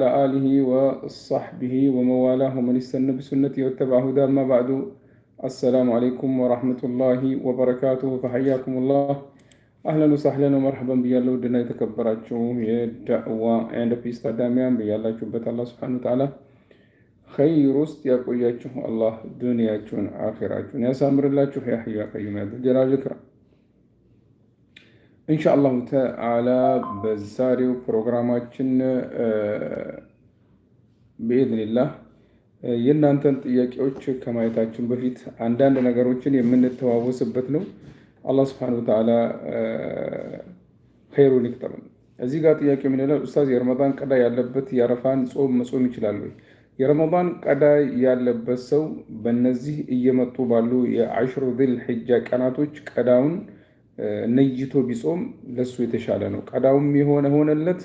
ለአሊሂ ወሳሕቢሂ ወመዋላሁ መን ይስተነ ብሱነት ወተበዐ ሁዳ አማ ባዕዱ አሰላሙ ዓለይኩም ወራህመቱላሂ ወበረካቱሁ። ፈሐያኩሙላህ አህለን ወሳህለን ወመርሐበን ብያለሁ። ውድና የተከበራችሁ የዳዕዋ ኤንድ ፒስ ታዳሚያን ብያላችሁበት አላህ ሱብሓነሁ ወተዓላ ኸይር ውስጥ ያቆያችሁ። አላህ ዱንያችሁን አኺራችሁን ያሳምርላችሁ። ያህያ ቀዩም ያዘጀላል ክራ እንሻአላሁ አላሁ ተዓላ በዛሬው ፕሮግራማችን ብኢዝኒላህ የእናንተን ጥያቄዎች ከማየታችን በፊት አንዳንድ ነገሮችን የምንተዋወስበት ነው። አላህ ስብሐነሁ ወተዓላ ኸይሩን ይቅጠርን። እዚህ ጋር ጥያቄ የምንለው ኡስታዝ የረመዳን ቀዳ ያለበት የአረፋን ጾም መጾም ይችላል ወይ? የረመዳን ቀዳ ያለበት ሰው በነዚህ እየመጡ ባሉ የአሽሩ ዚል ሒጃ ቀናቶች ቀዳውን ነይቶ ቢጾም ለሱ የተሻለ ነው። ቀዳውም የሆነ ሆነለት።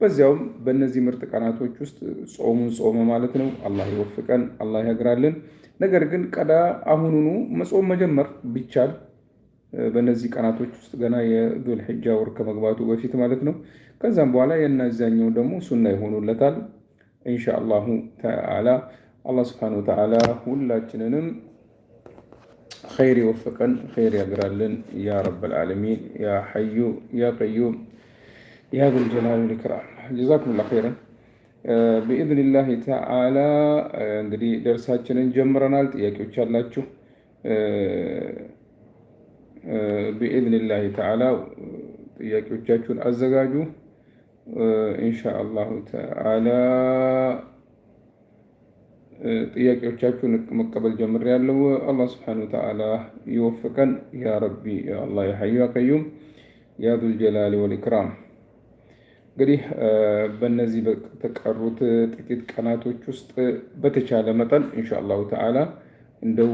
በዚያውም በእነዚህ ምርጥ ቀናቶች ውስጥ ጾሙን ጾመ ማለት ነው። አላህ ይወፍቀን፣ አላህ ያግራልን። ነገር ግን ቀዳ አሁኑኑ መጾም መጀመር ቢቻል በእነዚህ ቀናቶች ውስጥ ገና የዱል ሕጃ ወር ከመግባቱ በፊት ማለት ነው። ከዛም በኋላ የናዛኛው ደግሞ ሱና ይሆኑለታል። ኢንሻ አላሁ ተዓላ አላህ ስብሓነሁ ወተዓላ ሁላችንንም ኸይር ይወፈቀን ኸይር ያግራልን ያ ረበል ዓለሚን ያ ሐዩ ያ ቀዩም ያ ዘልጀላል ወልኢክራም ጀዛኩም ላ ኸይረን። ብኢዝኒላህ ተዓላ እንግዲህ ደርሳችንን ጀምረናል። ጥያቄዎች አላችሁ? ብኢዝኒላህ ተዓላ ጥያቄዎቻችሁን አዘጋጁ። ኢንሻ አላሁ ተዓላ ጥያቄዎቻችሁን መቀበል ያለው አላህ ስብሐነሁ ወተዓላ ይወፍቀን። ያ ረቢ ያ አላህ ያ ያ ዱልጀላል ያ ወል ኢክራም። እንግዲህ በእነዚህ በተቀሩት ጥቂት ቀናቶች ውስጥ በተቻለ መጠን ኢንሻአላሁ ተዓላ እንደው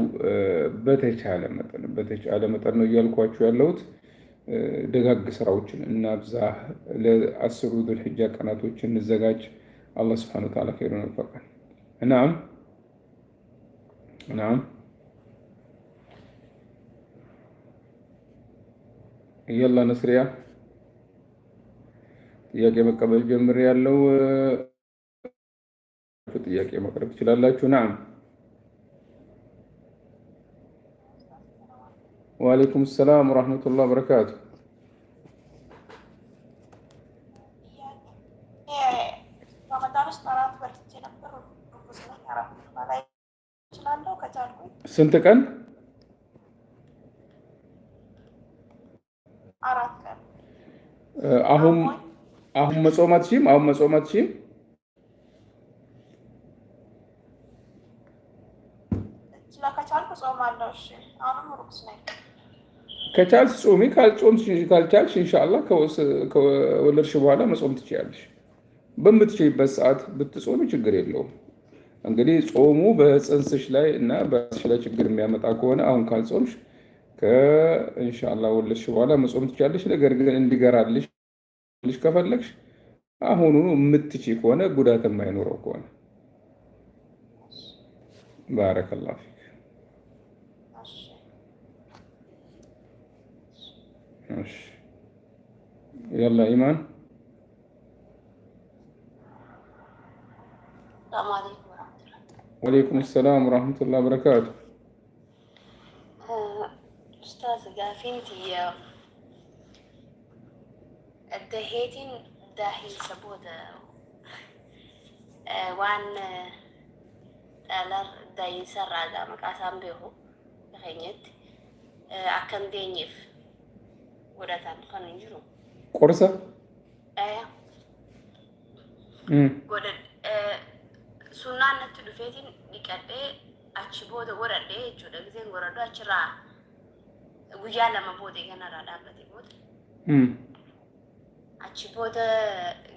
በተቻለ መጠን በተቻለ መጠን ነው እያልኳችሁ ያለሁት ደጋግ ስራዎችን እናብዛ። ለአስሩ ዱልሕጃ ቀናቶች እንዘጋጅ። አላህ ስብሐነሁ ወተዓላ ኸይሩን ይወፍቀን። እናም ምናምን እያላ ነስሪያ ጥያቄ መቀበል ጀምር ያለው ጥያቄ ማቅረብ ትችላላችሁ። ናም ወአለይኩም ሰላም ወራህመቱላህ በረካቱ። በመዳረስ አራት በልቼ ነበር። ስንት ቀን? አራት ቀን። አሁን አሁን መጾም አትችይም? አሁን መጾም አትችይም? ከቻልሽ ጾሚ፣ ካልቻልሽ እንሻላ ከወለድሽ በኋላ መጾም ትችያለሽ። በምትችይበት ሰዓት ብትጾሚ ችግር የለውም። እንግዲህ ጾሙ በፅንስሽ ላይ እና በራስሽ ላይ ችግር የሚያመጣ ከሆነ አሁን ካልጾምሽ ከኢንሻላ ወለድሽ በኋላ መጾም ትችላለሽ። ነገር ግን እንዲገራልሽ ከፈለግሽ አሁኑኑ የምትች ከሆነ ጉዳት የማይኖረው ከሆነ ባረከላ ፊክ ያላ ኢማን وعليكم السلام ورحمة الله وبركاته آه، أستاذ قالت أنتي انتهيتي آه، داحي سبودة آه، وان دالر داي سرع دا أسام بيهو غنيت أكن دينيف ودتان خنجرو قرصة أيه sunnaan dhufeetiin dhiqadhee achi booda waradhee jechuudha. Giseen waradhu achirraa guyyaa lama boodee kanarraa dhaabbate booda. Achi booda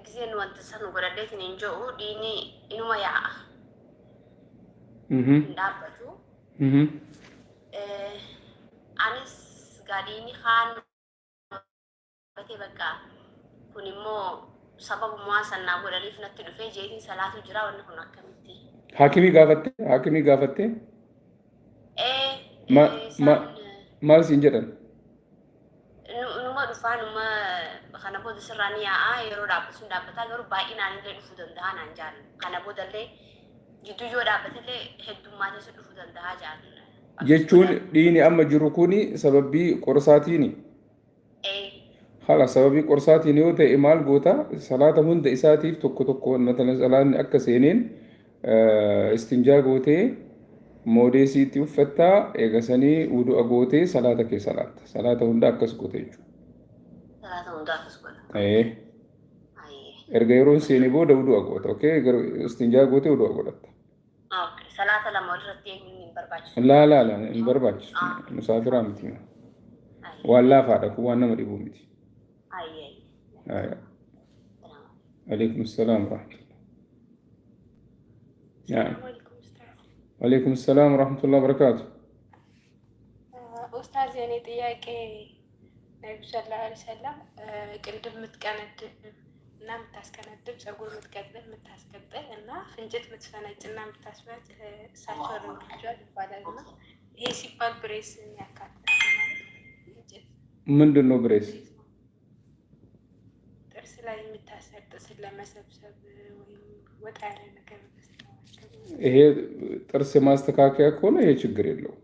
giseen wanta san godhadheetiin hin jiru dhiinni inuma yaa'a. Hin dhaabbatu. Anis gaadhiini haan bakka kun immoo sababumaan sannaa godhaniif natti dhufee jeetiin salaatu jira wanni kun akkamitti. Haakimii gaafatte haakimii gaafatte. Maal siin jedhan? Numa dhufaa numa kana booda sirraan yaa'aa yeroo dhaabbatuun dhaabbataa garuu baay'inaan illee dhufuu danda'a naan jaallu. Kana booda illee jidduu yoo dhaabbatillee heddummaa keessa dhufuu danda'a jaallu. Jechuun dhiini amma jiru kuni sababii qorsaatiin. Ee. خلاص سببي قرصاتي نيو تي إمال قوتا صلاة هند إساتيف تكو تكو مثلا صلاة أكا سينين استنجا قوتي moodee siitti uffata eegasanii wudu'a gootee salaata kee salaatta salaata hunda akkas goote jechuudha. Erga yeroon seenee booda wudu'a goota okay istinjaa gootee wudu'a godhatta. Salaata lama irratti eeguun hin barbaachisu. Laa laa laa hin barbaachisu musaafiraan miti waan laafaadha kun waan nama dhibuu miti. አሌይኩም ሰላም ረመቱላ አሌይኩም ሰላም ረመቱላ በረካቱ። ኡስታዝ የኔ ጥያቄ ነቢ ስላ ሰላም ቅንድብ የምትቀነድብ እና የምታስቀነድብ ፀጉር የምትቀጥል የምታስቀጥል እና ፍንጭት የምትፈነጭ እና የምታስፈጭ እሳቸው ረምጃል ይባላል እና ይሄ ሲባል ብሬስ ያካትታል ምንድን ነው ብሬስ? ላይ የምታሰርጥስን ለመሰብሰብ ወይም ወጣ ያለ ነገር ይሄ ጥርስ የማስተካከያ ከሆነ ይሄ ችግር የለው።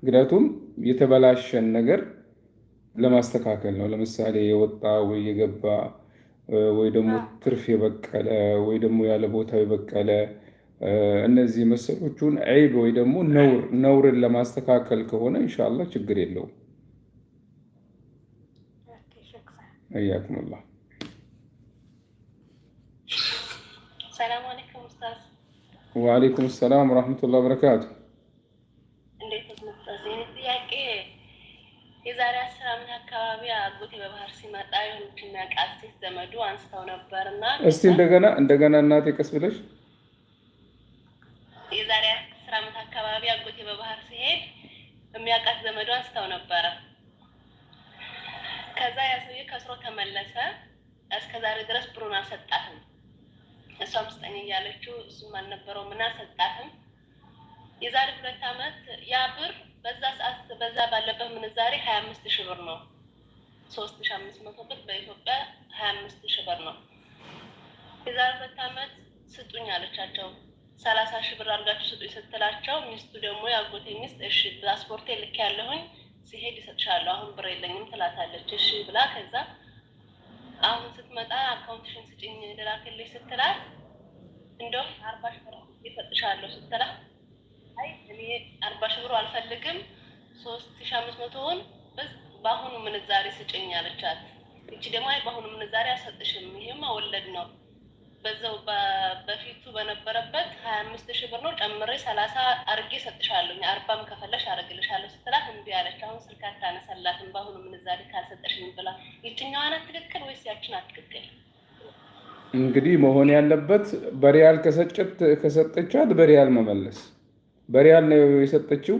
ምክንያቱም የተበላሸን ነገር ለማስተካከል ነው። ለምሳሌ የወጣ ወይ የገባ ወይ ደግሞ ትርፍ የበቀለ ወይ ደግሞ ያለ ቦታው የበቀለ እነዚህ መሰሎቹን ዐይብ ወይ ደግሞ ነውር ነውርን ለማስተካከል ከሆነ ኢንሻላህ ችግር የለውም። እያኩሙላህ ሰላም አለይኩም ኡስታዝ። ወአለይኩም ሰላም ወራህመቱላሂ ወበረካቱ። እንዴት ነው ኡስታዝ? ጥያቄ የዛሬ አስር ዓመት አካባቢ አጎቴ በባህር ሲመጣ የሆኑትና ቃል ሴት ዘመዱ አንስተው ነበርና እስቲ እንደገና እንደገና እናቴ ቀስ ብለሽ የዛሬ አስር ዓመት አካባቢ አጎቴ በባህር ሲሄድ የሚያውቃት ዘመዱ አንስተው ነበረ። ከዛ ያ ሰውዬ ከስሮ ተመለሰ። እስከዛሬ ድረስ ብሩን አልሰጣትም። እሷም ስጠኝ እያለችው እሱም አልነበረው ምና ሰጣትም። የዛሬ ሁለት ዓመት ያ ብር በዛ ሰዓት በዛ ባለበት ምንዛሬ ሀያ አምስት ሺ ብር ነው። ሶስት ሺ አምስት መቶ ብር በኢትዮጵያ ሀያ አምስት ሺ ብር ነው። የዛሬ ሁለት ዓመት ስጡኝ አለቻቸው። ሰላሳ ሺ ብር አድርጋችሁ ስጡኝ ስትላቸው ሚስቱ ደግሞ የአጎቴ ሚስት እሺ ፓስፖርቴ ልክ ያለሁኝ ሲሄድ ይሰጥሻለሁ አሁን ብር የለኝም ትላታለች። እሺ ብላ ከዛ አሁን ስትመጣ አካውንትሽን ስጭኝ ልላክልሽ ስትላት እንደውም አርባ ሺህ ብር ይሰጥሻለሁ ስትላት አይ እኔ አርባ ሺህ ብሩ አልፈልግም ሶስት ሺህ አምስት መቶውን በአሁኑ ምንዛሬ ስጭኝ አለቻት። እቺ ደግሞ አይ በአሁኑ ምንዛሬ አልሰጥሽም፣ ይሄም አወለድ ነው በዛው በፊቱ በነበረበት ሀያ አምስት ሺህ ብር ነው ጨምሬ ሰላሳ አርጌ ሰጥሻለሁኝ አርባም ከፈለሽ አረግልሻለሁ ስትላት እምቢ አለች። አሁን ስልክ አታነሳላትም። በአሁኑ ምንዛሪ ካልሰጠሽኝ ብላ ይችኛዋ ናት ትክክል ወይስ ያችን አትክክል? እንግዲህ መሆን ያለበት በሪያል ከሰጨት ከሰጠቻት በሪያል መመለስ። በሪያል ነው የሰጠችው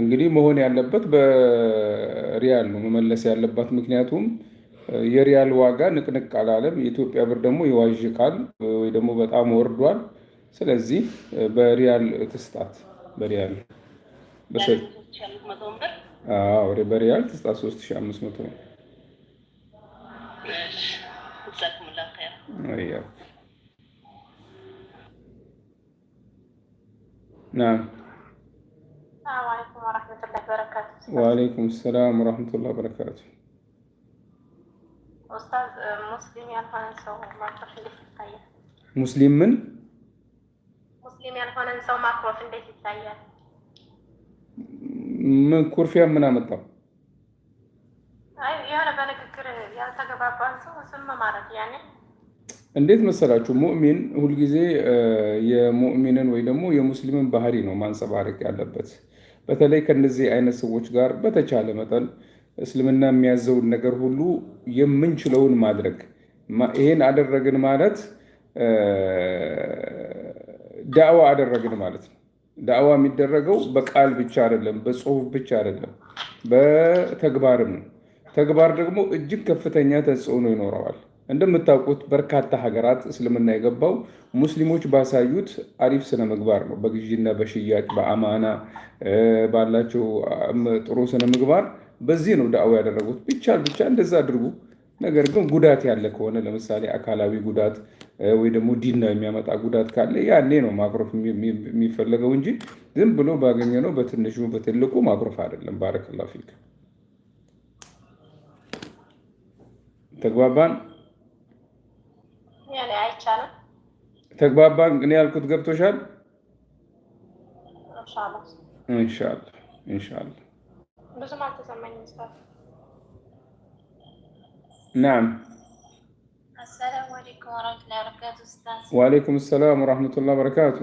እንግዲህ መሆን ያለበት በሪያል ነው መመለስ ያለባት። ምክንያቱም የሪያል ዋጋ ንቅንቅ አላለም። የኢትዮጵያ ብር ደግሞ ይዋዥቃል ወይ ደግሞ በጣም ወርዷል። ስለዚህ በሪያል ትስጣት፣ በሪያል በሪያል ትስጣት 3500 ነው። ናም ዋአሌይኩም ሰላም ወረህመቱላህ በረካቱ። ሙስሊም ምን ሙስሊም ያልሆነን ሰው ማክሮፍ እንዴት ይታያል? ምን ኩርፊያ ምን አመጣው? የሆነ በንግግር ያልተገባባን ሰው ስም ማለት ያኔ እንዴት መሰላችሁ ሙእሚን ሁልጊዜ የሙእሚንን ወይ ደግሞ የሙስሊምን ባህሪ ነው ማንጸባረቅ ያለበት። በተለይ ከእነዚህ አይነት ሰዎች ጋር በተቻለ መጠን እስልምና የሚያዘውን ነገር ሁሉ የምንችለውን ማድረግ። ይሄን አደረግን ማለት ዳዕዋ አደረግን ማለት ነው። ዳዕዋ የሚደረገው በቃል ብቻ አይደለም፣ በጽሁፍ ብቻ አይደለም፣ በተግባርም ነው። ተግባር ደግሞ እጅግ ከፍተኛ ተጽዕኖ ይኖረዋል። እንደምታውቁት በርካታ ሀገራት እስልምና የገባው ሙስሊሞች ባሳዩት አሪፍ ስነ ምግባር ነው። በግዢና በሽያጭ በአማና ባላቸው ጥሩ ስነ ምግባር በዚህ ነው ዳዕዋ ያደረጉት። ቢቻል ብቻ እንደዛ አድርጉ። ነገር ግን ጉዳት ያለ ከሆነ ለምሳሌ አካላዊ ጉዳት ወይ ደግሞ ዲና የሚያመጣ ጉዳት ካለ ያኔ ነው ማኩረፍ የሚፈለገው እንጂ ዝም ብሎ ባገኘ ነው በትንሹ በትልቁ ማኩረፍ አይደለም። ባረከላሁ ፊክ ተግባባን። አይቻልም። ተግባባን? እኔ ያልኩት ገብቶሻል? ኢንሻላህ ኢንሻላህ። ብዙም አልተሰማኝም። ናም ዋሌይኩም ሰላም ወራህመቱላህ በረካቱ።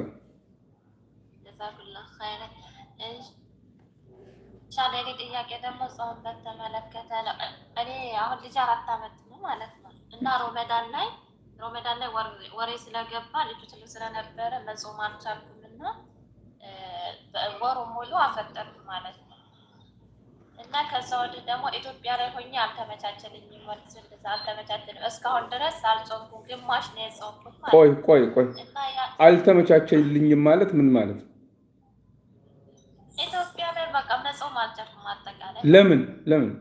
ሻለ እኔ ጥያቄ ደግሞ ጾም በተመለከተ ነው። እኔ አሁን ልጅ አራት አመት ነው ማለት ነው እና ሮመዳን ላይ ሮመዳን ላይ ወሬ ስለገባ ልጁ ትልቅ ስለነበረ መጾም አልቻልኩም እና ወሩ ሙሉ አፈጠርኩ ማለት ነው። እና ከዛ ወዲህ ደግሞ ኢትዮጵያ ላይ ሆኜ አልተመቻቸልኝም፣ ወርዝ አልተመቻቸልም። እስካሁን ድረስ አልጾምኩም፣ ግማሽ ነው የጾምኩት። ቆይ ቆይ ቆይ አልተመቻቸልኝም ማለት ምን ማለት ነው? ኢትዮጵያ ላይ በቃ መጾም አልቻልኩም። አጠቃላይ ለምን ለምን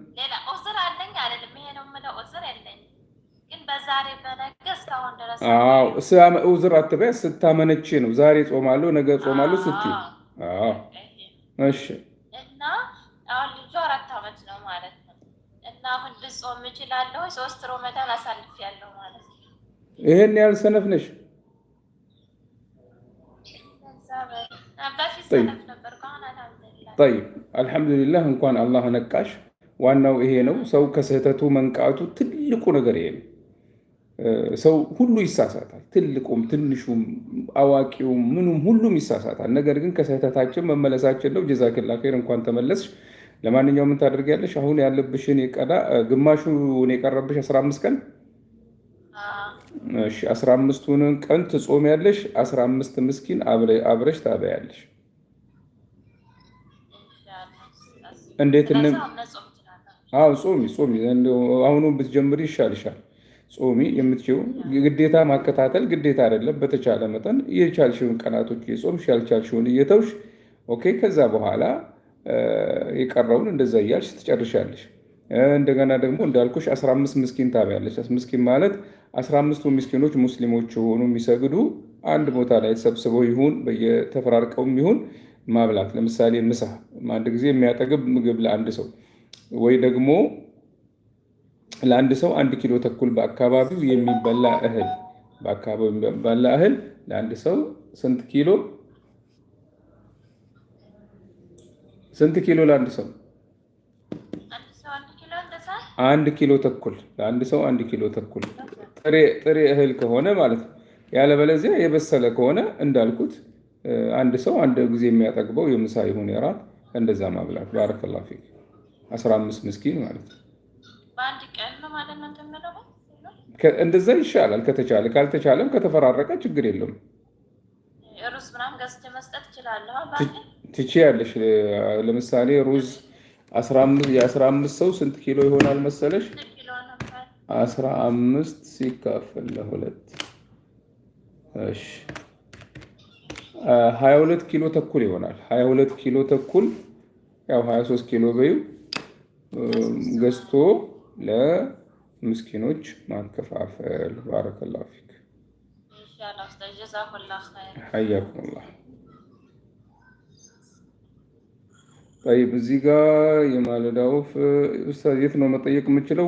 አዎ ዑዝር አትበያ። ስታመነች ነው ዛሬ ጾማለሁ ነገ ጾማለሁ ስትይ። አዎ እሺ። እና አሁን ልጁ አራት አመት ነው ማለት ነው። እና አሁን ብጾም እችላለሁ። ሶስት ሮመዳን ያለው ማለት ነው። ይሄን ያህል ሰነፍ ነሽ። ጠይብ አልሐምዱሊላህ። እንኳን አላህ ነቃሽ። ዋናው ይሄ ነው። ሰው ከስህተቱ መንቃቱ ትልቁ ነገር ይሄ ነው። ሰው ሁሉ ይሳሳታል። ትልቁም፣ ትንሹም፣ አዋቂውም፣ ምኑም ሁሉም ይሳሳታል። ነገር ግን ከስህተታችን መመለሳችን ነው። ጀዛክላ ኸይር፣ እንኳን ተመለስሽ። ለማንኛውም ምን ታደርጊያለሽ? አሁን ያለብሽን የቀዳ ግማሹን የቀረብሽ 15 ቀን 15ቱን ቀን ትጾም ትጾሚያለሽ። 15 ምስኪን አብረሽ ታበያለሽ። እንዴት? ጾሚ ጾሚ፣ አሁኑ ብትጀምሪ ይሻልሻል። ጾሚ የምትችው ግዴታ ማከታተል ግዴታ አይደለም። በተቻለ መጠን የቻልሽውን ቀናቶች የጾምሽ ያልቻልሽውን እየተውሽ ኦኬ። ከዛ በኋላ የቀረውን እንደዛ እያልሽ ትጨርሻለሽ። እንደገና ደግሞ እንዳልኩሽ 15 ምስኪን ታበያለሽ። ምስኪን ማለት 15ቱ ምስኪኖች ሙስሊሞች የሆኑ የሚሰግዱ አንድ ቦታ ላይ ተሰብስበው ይሁን በየተፈራርቀውም ይሁን ማብላት፣ ለምሳሌ ምሳ አንድ ጊዜ የሚያጠግብ ምግብ ለአንድ ሰው ወይ ደግሞ ለአንድ ሰው አንድ ኪሎ ተኩል በአካባቢው የሚበላ እህል በአካባቢው የሚበላ እህል ለአንድ ሰው ስንት ኪሎ ስንት ኪሎ ለአንድ ሰው አንድ ኪሎ ተኩል ለአንድ ሰው አንድ ኪሎ ተኩል ጥሬ እህል ከሆነ ማለት ነው። ያለበለዚያ የበሰለ ከሆነ እንዳልኩት አንድ ሰው አንድ ጊዜ የሚያጠግበው የምሳ ይሁን የራት እንደዛ ማብላት። ባረከላሁ ፊክ አስራ አምስት ምስኪን ማለት ነው። በአንድ ቀን ነው ማለት ነው እንደዛ ይሻላል። ከተቻለ ካልተቻለም ከተፈራረቀ ችግር የለም። ሩዝ ምናምን ገዝቼ መስጠት እችላለሁ። ትችያለሽ። ለምሳሌ ሩዝ የአስራ አምስት ሰው ስንት ኪሎ ይሆናል መሰለሽ? አስራ አምስት ሲካፈል ለሁለት ሀያ ሁለት ኪሎ ተኩል ይሆናል። ሀያ ሁለት ኪሎ ተኩል ያው ሀያ ሶስት ኪሎ በዩ ገዝቶ ለምስኪኖች ማከፋፈል። ባረከላሁ ፊክ ሐያኩሙላ። እዚህ ጋ የማለዳውፍ ኡስታዝ የት ነው መጠየቅ የምችለው?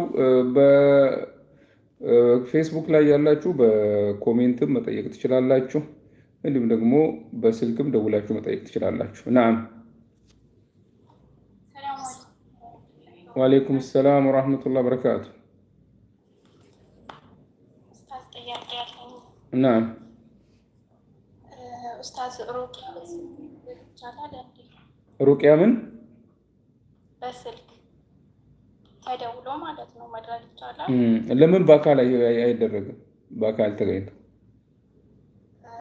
በፌስቡክ ላይ ያላችሁ በኮሜንትም መጠየቅ ትችላላችሁ። እንዲሁም ደግሞ በስልክም ደውላችሁ መጠየቅ ትችላላችሁ። ናም ወአሌይኩም ሰላም ወራህመቱላ በረካቱ። እና ኡስታዝ ሩቅያ ምን በስልክ ተደውሎ ማለት ነው መድረስ ይቻላል? ለምን በአካል አይደረግም? በአካል ተገኝቶ